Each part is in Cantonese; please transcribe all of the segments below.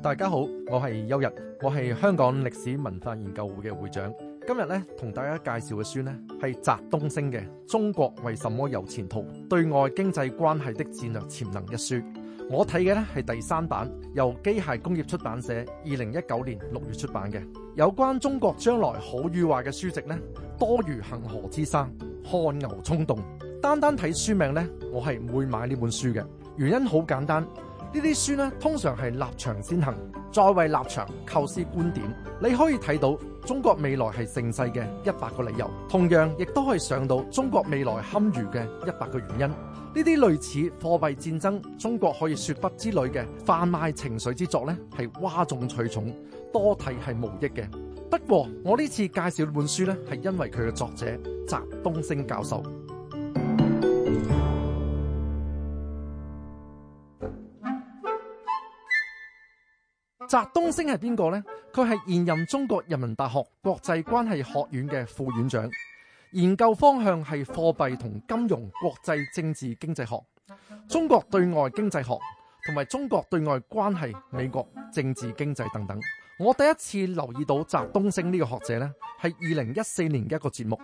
大家好，我係邱逸，我係香港歷史文化研究會嘅會長。今日咧同大家介紹嘅書呢，係翟東升嘅《中國為什麼有前途：對外經濟關係的戰略潛能》一書。我睇嘅呢，係第三版，由機械工業出版社二零一九年六月出版嘅。有關中國將來好與壞嘅書籍呢，多如恒河之沙，汗牛充棟。單單睇書名呢，我係唔會買呢本書嘅，原因好簡單。呢啲書呢，通常係立場先行，再為立場構思觀點。你可以睇到中國未來係盛世嘅一百個理由，同樣亦都可以上到中國未來堪虞嘅一百個原因。呢啲類似貨幣戰爭、中國可以說不之類嘅販賣情緒之作呢，係嘩眾取寵，多睇係無益嘅。不過我呢次介紹呢本書呢，係因為佢嘅作者翟東升教授。翟東昇係邊個呢？佢係現任中國人民大學國際關係學院嘅副院長，研究方向係貨幣同金融、國際政治經濟學、中國對外經濟學同埋中國對外關係、美國政治經濟等等。我第一次留意到翟東昇呢個學者呢係二零一四年嘅一個節目，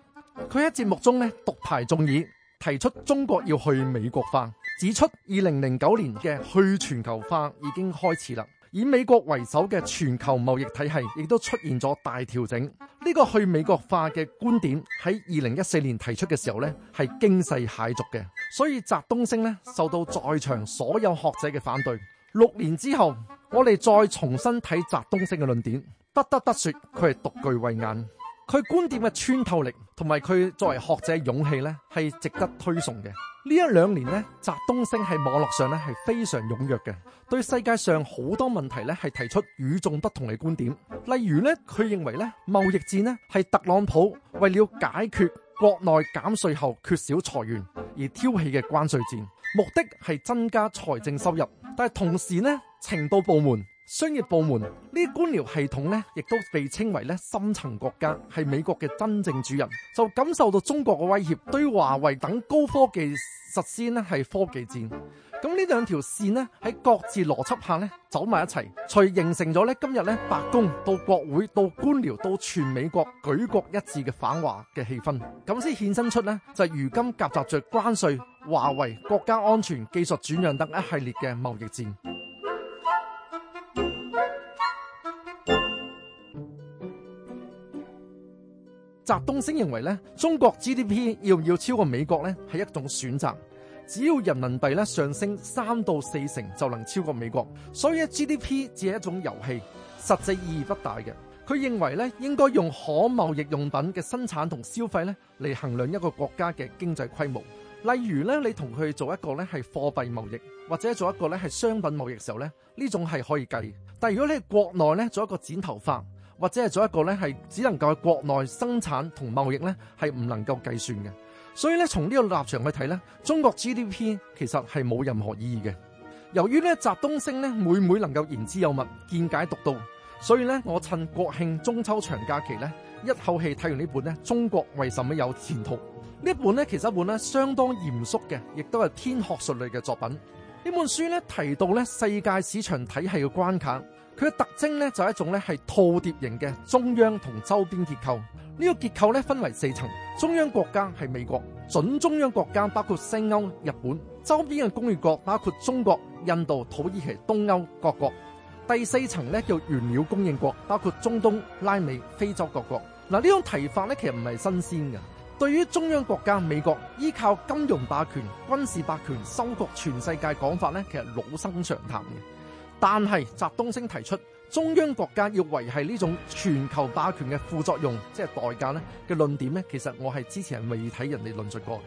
佢喺節目中呢獨排眾議，提出中國要去美國化，指出二零零九年嘅去全球化已經開始啦。以美國為首嘅全球貿易體系亦都出現咗大調整，呢個去美國化嘅觀點喺二零一四年提出嘅時候呢，係驚世駭俗嘅，所以翟東升受到在場所有學者嘅反對。六年之後，我哋再重新睇翟東升嘅論點，不得不說佢係獨具慧眼。佢觀點嘅穿透力同埋佢作為學者嘅勇氣咧，係值得推崇嘅。呢一兩年咧，翟東升喺網絡上咧係非常踊躍嘅，對世界上好多問題咧係提出與眾不同嘅觀點。例如咧，佢認為咧，貿易戰咧係特朗普為了解決國內減稅後缺少財源而挑起嘅關稅戰，目的係增加財政收入，但係同時咧，情報部門。商業部門呢啲官僚系統呢，亦都被稱為咧深層國家，係美國嘅真正主人，就感受到中國嘅威脅，對華為等高科技實施呢係科技戰。咁呢兩條線呢，喺各自邏輯下呢，走埋一齊，隨形成咗呢今日呢白宮到國會到官僚到全美國舉國一致嘅反華嘅氣氛，咁先衍生出呢，就係、是、如今夾雜着關稅、華為、國家安全、技術轉讓等一系列嘅貿易戰。翟東升認為咧，中國 GDP 要唔要超過美國咧，係一種選擇。只要人民幣咧上升三到四成就能超過美國，所以 GDP 只係一種遊戲，實際意義不大嘅。佢認為咧，應該用可貿易用品嘅生產同消費咧嚟，衡量一個國家嘅經濟規模。例如咧，你同佢做一個咧係貨幣貿易，或者做一個咧係商品貿易嘅時候咧，呢種係可以計。但如果你係國內咧做一個剪頭髮。或者係做一個咧，係只能夠喺國內生產同貿易咧，係唔能夠計算嘅。所以咧，從呢個立場去睇咧，中國 GDP 其實係冇任何意義嘅。由於呢翟東升咧，每每能夠言之有物、見解獨到，所以咧，我趁國慶中秋長假期咧，一口氣睇完呢本咧《中國為什麼有前途》呢本咧，其實一本咧相當嚴肅嘅，亦都係天學術類嘅作品。呢本書咧提到咧世界市場體系嘅關卡，佢嘅特徵咧就係一種咧係套疊型嘅中央同周邊結構。呢個結構咧分為四層，中央國家係美國，準中央國家包括西歐、日本，周邊嘅工業國包括中國、印度、土耳其、東歐各國，第四層咧叫原料供應國，包括中東、拉美、非洲各國。嗱，呢種提法咧其實唔係新鮮嘅。對於中央國家美國依靠金融霸權、軍事霸權收割全世界講法咧，其實老生常談嘅。但係翟東升提出中央國家要維繫呢種全球霸權嘅副作用，即係代價咧嘅論點咧，其實我係之前未睇人哋論述過。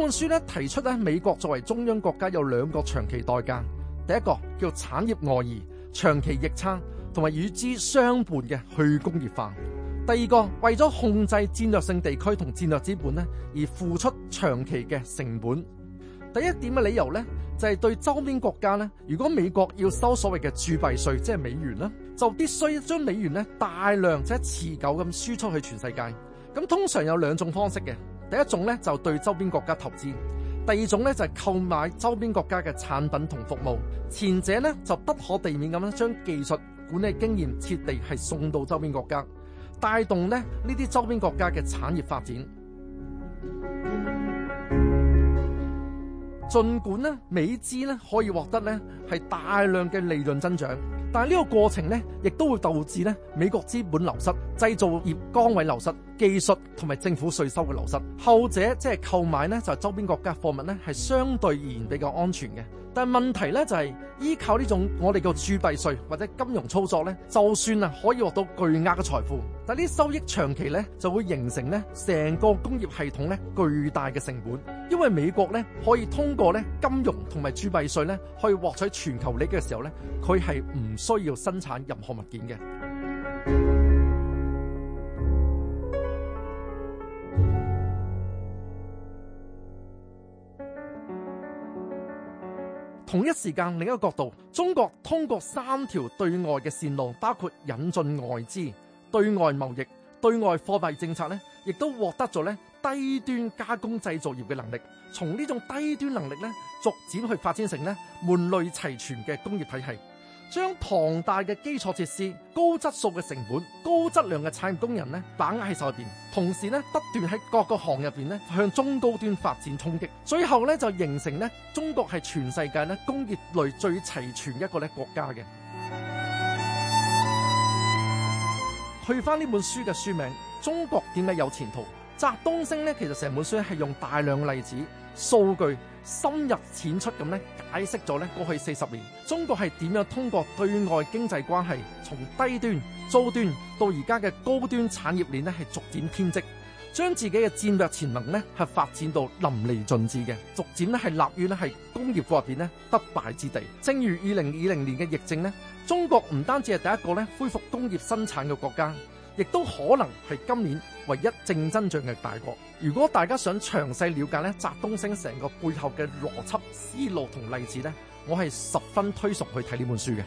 本書咧提出咧，美國作為中央國家有兩個長期代價，第一個叫產業外移、長期逆差同埋與之相伴嘅去工業化；第二個為咗控制戰略性地區同戰略資本呢而付出長期嘅成本。第一點嘅理由呢，就係對周邊國家呢，如果美國要收所謂嘅鑄幣稅，即係美元啦，就必須將美元呢大量且持久咁輸出去全世界。咁通常有兩種方式嘅。第一種咧就對周邊國家投資，第二種咧就係購買周邊國家嘅產品同服務。前者咧就不可避免咁樣將技術、管理經驗徹底係送到周邊國家，帶動咧呢啲周邊國家嘅產業發展。儘管咧美資咧可以獲得咧係大量嘅利潤增長，但係呢個過程咧亦都會導致咧美國資本流失、製造業崗位流失。技術同埋政府稅收嘅流失，後者即係購買就係、周邊國家貨物呢係相對而言比較安全嘅。但問題就係、是、依靠呢種我哋嘅鑄幣稅或者金融操作呢，就算啊可以獲到巨額嘅財富，但係呢收益長期呢，就會形成呢成個工業系統呢巨大嘅成本。因為美國呢，可以通過呢金融同埋鑄幣稅呢，去獲取全球利益嘅時候呢，佢係唔需要生產任何物件嘅。同一時間，另一個角度，中國通過三條對外嘅線路，包括引進外資、對外貿易、對外貨幣、對外貨幣政策咧，亦都獲得咗咧低端加工製造業嘅能力。從呢種低端能力咧，逐漸去發展成咧門類齊全嘅工業體系。將龐大嘅基礎設施、高質素嘅成本、高質量嘅產業工人咧，把握喺手入邊，同時咧不斷喺各個行入邊咧向中高端發展衝擊，最後咧就形成咧中國係全世界咧工業類最齊全一個咧國家嘅。 去翻呢本書嘅書名《中國點解有前途》，翟東升咧其實成本書係用大量例子、數據。深入淺出咁咧解釋咗咧過去四十年中國係點樣通過對外經濟關係從低端、中端到而家嘅高端產業鏈咧係逐漸編織，將自己嘅戰略潛能咧係發展到淋漓盡致嘅，逐漸咧係立於咧係工業化入邊咧不敗之地。正如二零二零年嘅疫症咧，中國唔單止係第一個咧恢復工業生產嘅國家。亦都可能係今年唯一正增長嘅大國。如果大家想詳細了解咧，翟東升成個背後嘅邏輯、思路同例子咧，我係十分推崇去睇呢本書嘅。